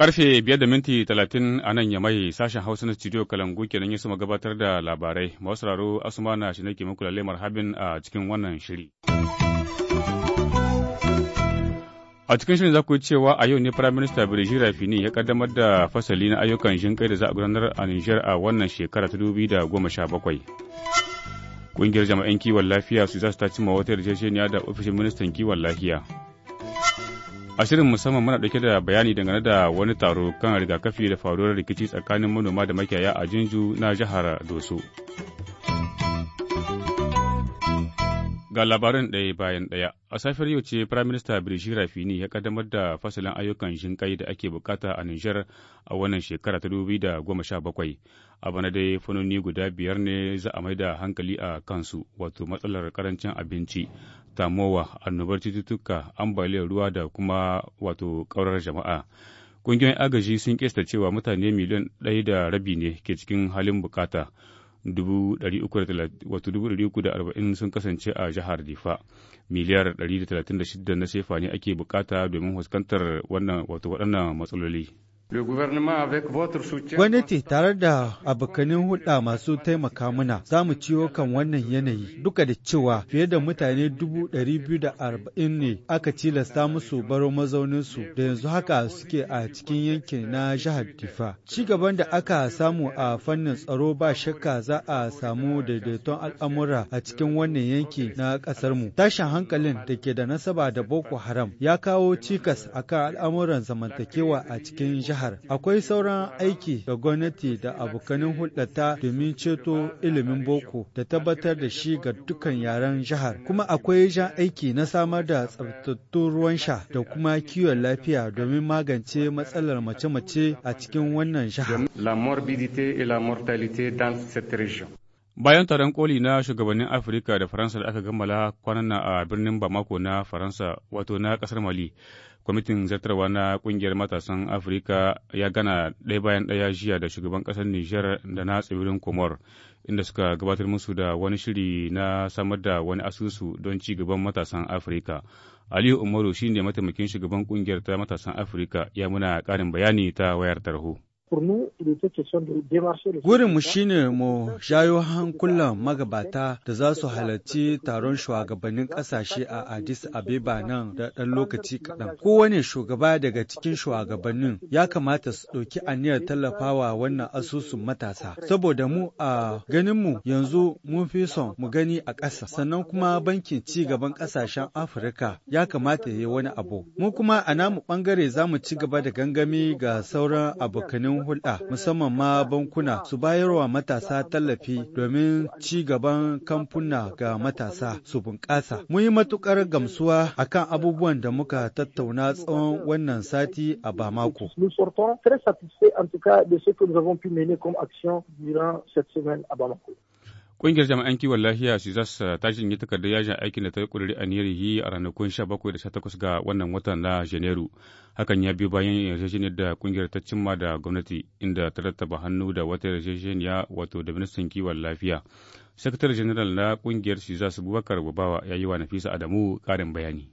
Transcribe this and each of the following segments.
Karfe biyar da minti talatin a nan yamai sashen Hausa na studio Kalangu kenan ya suma gabatar da labarai. Masu raro Asuma na shi nake muku lalle marhabin a cikin wannan shiri. A cikin shirin za ku yi cewa a yau ne prime minister Birji Rafini ya kaddamar da fasali na ayyukan jinƙai da za a gudanar a Nijar a wannan shekara ta bakwai. Ƙungiyar jama'in kiwon lafiya su za ta ci ma wata yarjejeniya da ofishin ministan kiwon lafiya. A shirin musamman muna ɗauke da bayani dangane da wani taro kan rigakafi da faruwar rikici tsakanin manoma da makiyaya a Jinju na jihar Doso. Ga labarin ɗaya bayan ɗaya, a safiyar yau ce Prime Minista Brigitte Rafini ya kaddamar da fasalin ayyukan shinkai da ake bukata a Nijar a wannan shekara ta bakwai A bana dai fanoni guda biyar ne za a mai da hankali a kansu, wato matsalar karancin abinci, tamowa, annobar cututtuka, ambaliyar ruwa da kuma wato ƙaurar jama'a. Ƙungiyoyin agaji sun kesta cewa mutane miliyan ɗaya da rabi ne ke cikin halin bukata. 340 sun kasance a jihar Difa. Miliyar 136 na sefa ne ake bukata domin fuskantar wannan wato waɗannan matsaloli. Gwamnati tare da abokanin hulɗa masu taimaka mana za mu ciwo kan wannan yanayi duka da cewa fiye da mutane dubu biyu da arba'in ne aka tilasta musu baro mazauninsu da yanzu haka suke a cikin yankin na jihar Difa. Ci gaban da aka samu a fannin tsaro ba shakka za a samu daidaiton al'amura a cikin wannan yanki na ƙasarmu. Tashin hankalin da ke da nasaba da Boko Haram ya kawo cikas akan al'amuran zamantakewa a cikin jihar jihar. Akwai sauran aiki ga gwamnati da abokanin hulɗata domin ceto ilimin boko da tabbatar da shi ga dukkan yaren jihar. Kuma akwai jan aiki na samar da tsabtattun ruwan sha da kuma kiwon lafiya domin magance matsalar mace-mace a cikin wannan jihar. La morbidité la mortalité dans Bayan taron koli na shugabannin Afirka da Faransa da aka gammala kwanan nan a birnin Bamako na Faransa wato na kasar Mali, kwamitin zartarwa na kungiyar matasan Afirka ya gana ɗaya bayan ɗaya jiya da shugaban ƙasar Nijar da na tsibirin Komor, inda suka gabatar musu da wani shiri na samar da wani asusu don ci gaban matasan Afirka. Aliyu Umaru shine mataimakin shugaban kungiyar ta matasan Afirka ya muna ƙarin bayani ta wayar tarho. Gurinmu shi ne mu jayo hankulan magabata da za su halarci taron shugabannin ƙasashe a Addis Ababa nan da ɗan lokaci kaɗan. Kowane shugaba daga cikin shugabannin ya kamata su ɗauki aniyar tallafawa wannan asusun matasa. Saboda mu a ganinmu yanzu mun fi son mu gani a ƙasa. Sannan kuma bankin ci gaban ƙasashen Afirka ya kamata ya yi wani abu. Mu kuma a namu ɓangare za mu ci gaba da gangami ga sauran abokanin abokan hulɗa musamman ma bankuna su bayarwa matasa tallafi domin ci gaban kamfuna ga matasa su bunƙasa. Mun yi matuƙar gamsuwa akan abubuwan da muka tattauna tsawon wannan sati a Bamako. très satisfaits en tout cas de ce que nous avons pu mener comme action durant cette semaine à Bamako. Ƙungiyar jami'an kiwon lafiya Sizas ta jinye takarda yajin aikin da ta a niyar yi a ranakun 17 da takwas ga wannan watan na Janairu. Hakan ya biyu bayan yarjejeniyar da ƙungiyar ta cimma da gwamnati inda ta rattaba hannu da wata yarjejeniya wato da ministan kiwon lafiya. Sakatare General na ƙungiyar Sizas Bubakar Babawa ya yi wa Nafisa Adamu ƙarin bayani.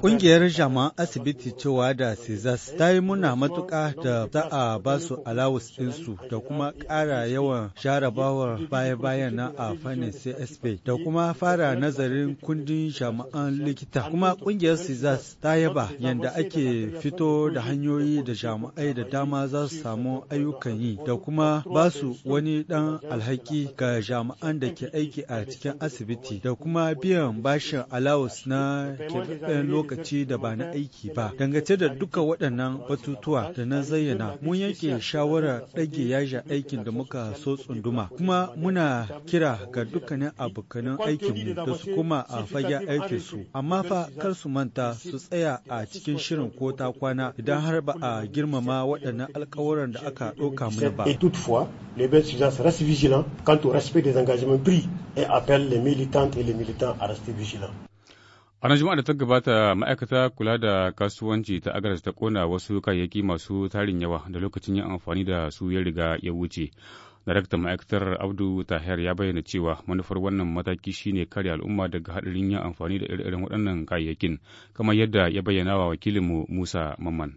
Ƙungiyar jama'an asibiti cewa da Cizas ta yi muna matuƙa da za a ba su alawus ɗinsu da kuma ƙara yawan jarabawar baya-bayan na a fannin CSP da kuma fara nazarin kundin jama'an likita. Kuma ƙungiyar Cizas ta yaba yadda ake fito da hanyoyi da jama'ai da dama za su samu ayyukan yi da kuma ba su wani ɗan alhaki ga jama'an da ke aiki a cikin asibiti da kuma biyan biyan bashin allowance na keɓaɓɓen lokaci da ba na aiki ba. Dangace da duka waɗannan batutuwa da na zayyana mun yanke shawarar ɗage yajin aikin da muka so tsunduma. Kuma muna kira ga dukkanin abokanan aikinmu da su kuma a fage aikin su Amma fa kar su manta su tsaya a cikin shirin ko ta kwana idan har ba a girmama waɗannan alkawuran da aka ɗauka mana ba. les belles rester vigilant. A nan juma'a da ta gabata ma'aikata kula da kasuwanci ta agaras ta kona wasu kayayyaki masu tarin yawa da lokacin yin amfani da su ya riga ya wuce. Daraktan ma'aikatar Abdu Tahir ya bayyana cewa manufar wannan mataki shine kare al'umma daga haɗarin yin amfani da irin irin waɗannan kayayyakin, kamar yadda ya bayyana wa wakilinmu Musa Mamman.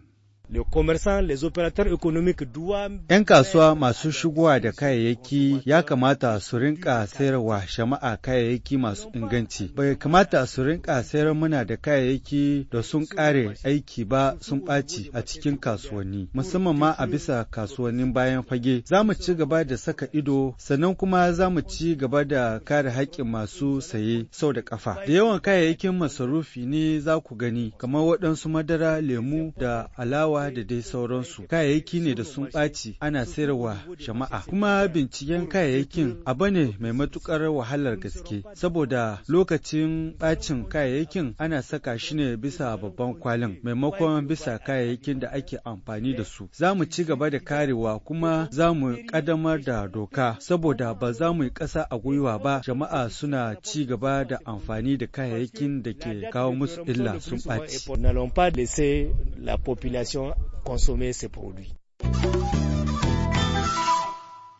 'Yan kasuwa masu shigowa da kayayyaki ya kamata su rinka sayarwa shama'a kayayyaki masu inganci. Bai kamata su rinka sayar muna da kayayyaki da sun ƙare aiki ba sun ɓaci a cikin kasuwanni, musamman ma a bisa kasuwannin bayan fage. Za mu ci gaba da saka ido, sannan kuma za mu ci gaba da kare haƙƙin masu saye sau da ƙafa. Da yawan kayayyakin masarufi ne za ku gani, kamar waɗansu madara, lemu da alawa da dai sauransu kayayyaki ne da sun ɓaci ana sayarwa jama'a kuma binciken kayayyakin abu ne mai matukar wahalar gaske saboda lokacin ɓacin kayayyakin ana saka shi ne bisa babban kwalin maimakon bisa kayayyakin da ake amfani da su za mu ci gaba da karewa kuma za mu ƙaddamar da doka saboda ba za mu yi ƙasa a gwiwa ba jama'a suna ci gaba da amfani da kayayyakin da ke kawo musu illa sun ɓaci. la population consommer ces produits.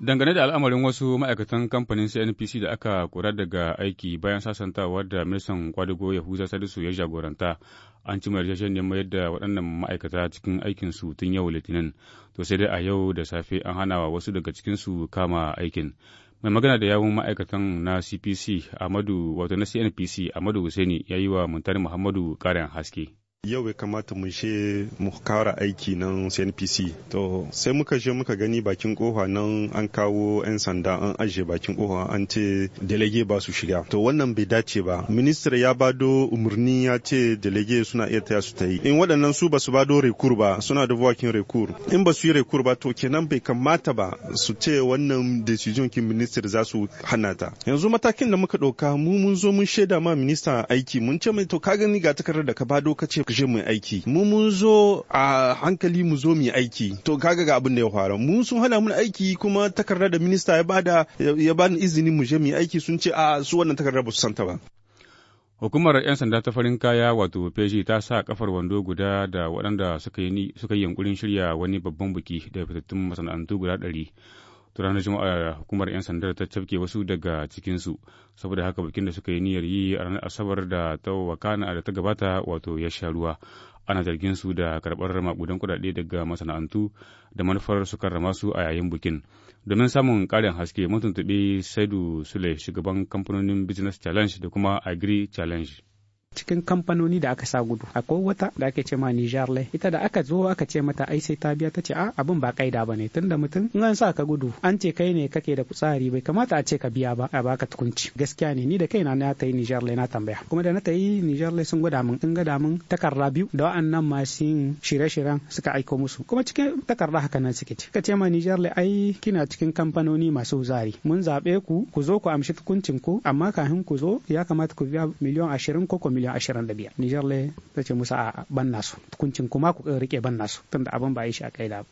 Dangane da al'amarin wasu ma'aikatan kamfanin CNPC da aka kura daga aiki bayan sasantawa da ministan kwadago sadi Sadisu ya jagoranta, an ci ne mayar da waɗannan ma'aikata cikin aikinsu tun yau Litinin, to sai dai a yau da safe an hana wa wasu daga cikinsu kama aikin. Mai magana da yawun ma'aikatan na CPC Amadu wato na CNPC Amadu Hussaini ya yi wa Muntari Muhammadu ƙarin haske. yau ya kamata mu she mu kara aiki nan CNPC to sai muka je muka gani bakin kofa nan an kawo 'yan sanda an ajiye bakin kofa an ce delege ba su shiga to wannan bai dace ba ministra ya bado umarni ya ce delege suna iya taya su ta yi in waɗannan su ba su bado rekur ba suna da buwakin rekur in ba su yi rekur ba to kenan bai kamata ba su ce wannan decision kin minister za su hana ta yanzu matakin da muka ɗauka mu mun zo mun shaida ma minista aiki mun ce mai to ka gani ga takardar da ka bado ka ce mu aiki mu mun zo a hankali mu zo mu aiki to kaga ga abin da ya faru mu sun hana mun aiki kuma takarda da minista ya bada ya bani izini mu je mu aiki sun ce a su wannan takarda ba su santa ba Hukumar 'yan sanda ta farin kaya wato peji ta sa kafar wando guda da waɗanda suka yi yunkurin shirya wani babban biki da fitattun masana'antu guda ɗari. ranar juma'a hukumar 'yan sandar ta cafke wasu daga cikinsu saboda haka bikin da suka yi niyyar yi a ranar asabar da ta wakana da ta gabata wato ya sha ruwa ana zargin su da karɓar makudan kuɗaɗe daga masana'antu da manufar su karrama su a yayin bikin domin samun ƙarin haske mun tuntuɓi saidu sule shugaban kamfanonin business challenge da kuma agri challenge cikin kamfanoni da aka sa gudu akwai wata da ake ce ma Niger lai ita da aka zo aka ce mata ai sai ta biya ta ce a ah, abin ba kaida ba ne tunda mutum in an sa ka gudu an ce kai ne kake da kutsari bai kamata a ce ka biya ba a baka tukunci gaskiya ne ni da kai na ta yi Niger lai na tambaya kuma da na ta yi Niger lai sun gwada mun in gwada mun takarda biyu da wa'annan masu yin shirye-shiryen suka aiko musu kuma cikin takarda haka nan suke ce ka ce ma Niger lai ai kina cikin kamfanoni masu zari mun zabe ku ku zo ku amshi tukuncin ku amma kafin ku zo ya kamata ku biya miliyan ashirin ko miliyan miliyan ashirin da biyar nijar le ta ce musa a ban nasu kuncin kuma ku rike ban nasu tunda abin ba yi shi a kai da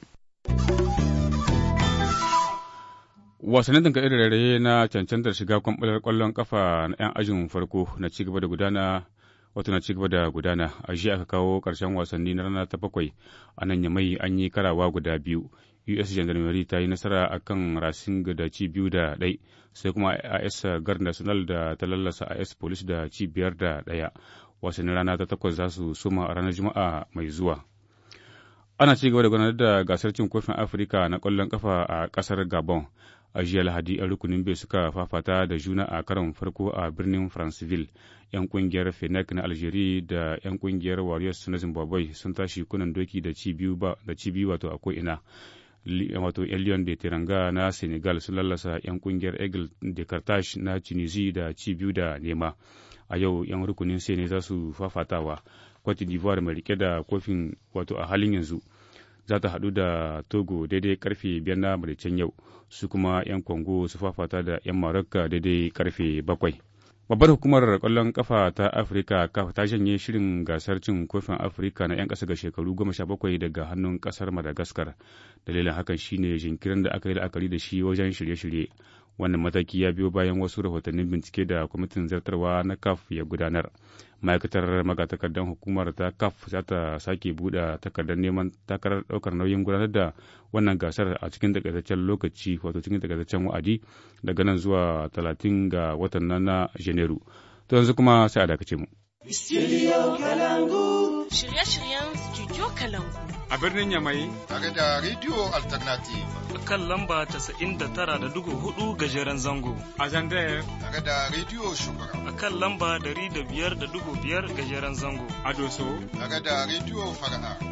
wasannin tankaɗe da rairaye na cancantar shiga kwamɓalar ƙwallon kafa na 'yan ajin farko na gaba da gudana wato na cigaba da gudana a jiya aka kawo ƙarshen wasanni na rana ta bakwai a nan yamai an yi karawa guda biyu us gendarmerie ta yi nasara a kan racing da ci biyu da ɗai sai kuma as gar national da ta lallasa as police da ci biyar da ɗaya wasannin rana ta takwas za su suma a ranar juma'a mai zuwa ana ci gaba da gudanar da gasar cin kofin afirka na ƙwallon kafa a ƙasar gabon a jiya lahadi a rukunin bai suka fafata da juna a karon farko a birnin franceville yan kungiyar fenec na algeria da yan ƙungiyar warriors na zimbabwe sun tashi kunan doki da ci biyu wato a ko'ina wato elion de tiranga na senegal sun lallasa 'yan kungiyar eagle de carthage na tunisia da ci da nema a yau 'yan rukunin sene za su fafatawa cote d'ivoire mai rike da kofin wato a halin yanzu za ta hadu da togo daidai karfe biyar na maricen yau su kuma 'yan congo su fafata da 'yan marokka daidai karfe bakwai Babbar hukumar kwallon kafa ta Afirka kaf ta janye shirin gasar cin kofin Afirka na 'yan ƙasa ga shekaru goma sha bakwai daga hannun ƙasar Madagascar. Dalilin hakan shine jinkirin da aka yi la'akari da shi wajen shirye-shirye. wannan mataki ya biyo bayan wasu rahotannin bincike da kwamitin zartarwa na kaf ya gudanar ma'aikatar magatakardar hukumar ta kaf za ta sake buɗe takardar neman takarar ɗaukar nauyin gudanar da wannan gasar a cikin takaitaccen lokaci wato cikin takaitaccen wa'adi daga nan zuwa talatin ga watan nan na janairu to yanzu kuma sai a dakace mu shirye-shiryen studio kalangu a birnin Yamai. Tare da Radio Alternative. a Kan lamba tara da dugu hudu gajeren zango. A Zandaya. Tare da Radio shukura A kan lamba dari da da biyar dugu biyar gajeren zango. A Doso. Tare da Radio Fara'a.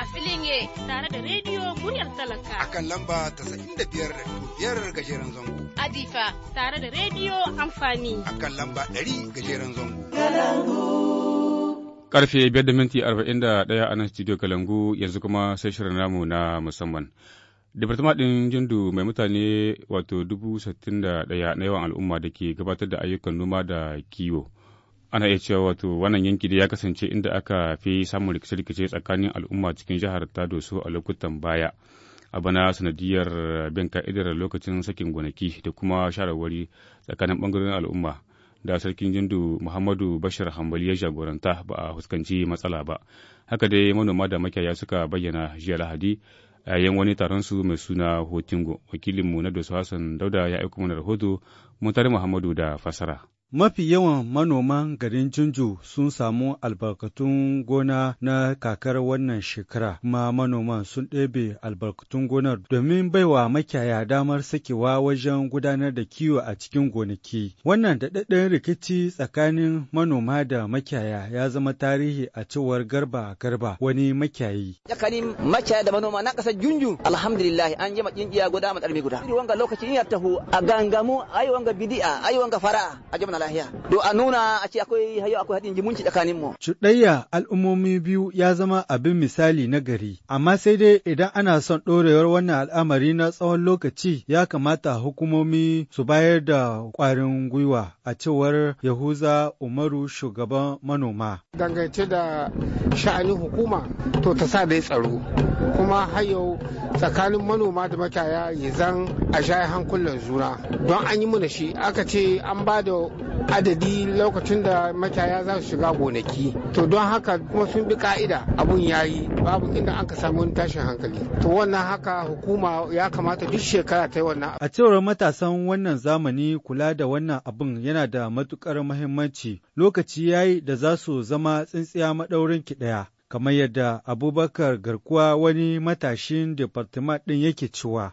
a filin ye tare da rediyo muryar talaka a kan lamba da biyar gajeren zango adifa tare da rediyo amfani a kan lamba 100 gajeren zango karfe biyar da minti arba'in 41 a nan studio kalangu yanzu kuma sai shirin namu na musamman Departement ɗin Jindu mai mutane wato dubu sittin da ɗaya na yawan al'umma da ke gabatar da ayyukan noma da kiwo. ana iya cewa wato wannan yanki da ya kasance inda aka fi samun rikice-rikice tsakanin al'umma cikin jihar ta doso a lokutan baya a bana sanadiyar bin ka'idar lokacin sakin gonaki da kuma sharawari tsakanin bangarorin al'umma da sarkin jindu muhammadu bashir hambali ya jagoranta ba a fuskanci matsala ba haka dai manoma da makiyaya suka bayyana jiya lahadi a yayin wani taron su mai suna hotingo wakilinmu na doso hassan dauda ya aiko mana rahoto muntari muhammadu da fasara Mafi yawan manoman garin Jinju sun samu albarkatun gona na kakar wannan shekara, kuma manoman sun ɗebe albarkatun gonar domin baiwa makiyaya damar sakewa wajen gudanar da kiwo a cikin gonaki. Wannan daɗaɗɗen rikici tsakanin manoma da makiyaya ya zama tarihi a cewar Garba Garba wani makiyayi. Tsakanin makiyaya da manoma na ƙasar Junju, alhamdulillah an maƙin iya guda matsarmi guda. Wanga lokaci in ya taho a gangamu, ayi wanga bidi'a, ayi wanga fara, a jama'a lahiya do a nuna a ce akwai hayo akwai hadin jimunci tsakanin mu cuɗayya al'ummomi biyu ya zama abin misali na gari amma sai dai idan ana son ɗorewar wannan al'amari na tsawon lokaci ya kamata hukumomi su bayar da ƙwarin gwiwa a cewar Yahuza Umaru shugaban manoma dangance da sha'anin hukuma to ta sa dai tsaro kuma har yau tsakanin manoma da makiyaya ya zan a shayi hankulan zura don an yi muna shi aka ce an ba da adadi lokacin da mataya za su shiga gonaki to don haka kuma sun bi ka'ida abun ya yi babu inda an ka samu tashin hankali to wannan haka hukuma ya kamata duk shekara ta yi wannan a cewar matasan wannan zamani kula da wannan abun yana da matukar mahimmanci lokaci yayi da za su zama tsintsiya maɗaurin ki ɗaya kamar yadda abubakar garkuwa wani matashin departement ɗin yake cewa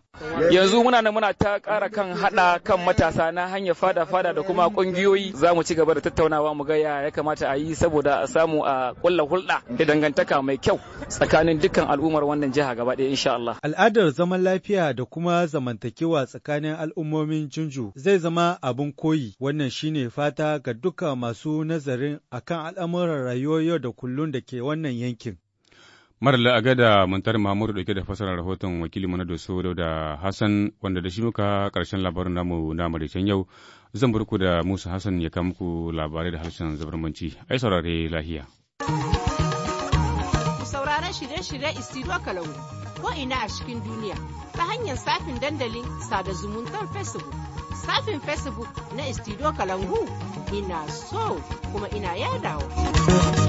yanzu muna nan muna ta ƙara kan haɗa kan matasa na hanyar fada-fada da kuma ƙungiyoyi za mu ci gaba da tattaunawa mu gaya ya kamata a yi saboda a samu a ƙulla hulɗa da dangantaka mai kyau tsakanin dukkan al'ummar wannan jiha gaba ɗaya insha Allah. Al'adar zaman lafiya da kuma zamantakewa tsakanin al'ummomin Junju zai zama abin koyi wannan shine fata ga duka masu nazarin akan al'amuran rayuwar yau da kullun da ke wannan yanki. yankin. Marala la'aga da Muntar Mahmud dauke da fasarar rahoton wakili mana da so da Hassan wanda da shi muka karshen labarin namu na maraicen yau zan burku da Musa Hassan ya kama muku labarai da harshen zabarmanci. Ai saurare lahiya. Sauraron shirye-shirye Isidro Kalau ko ina a cikin duniya ta hanyar safin dandalin sada zumuntar Facebook. Safin Facebook na Isidro Kalangu ina so kuma ina yadawa.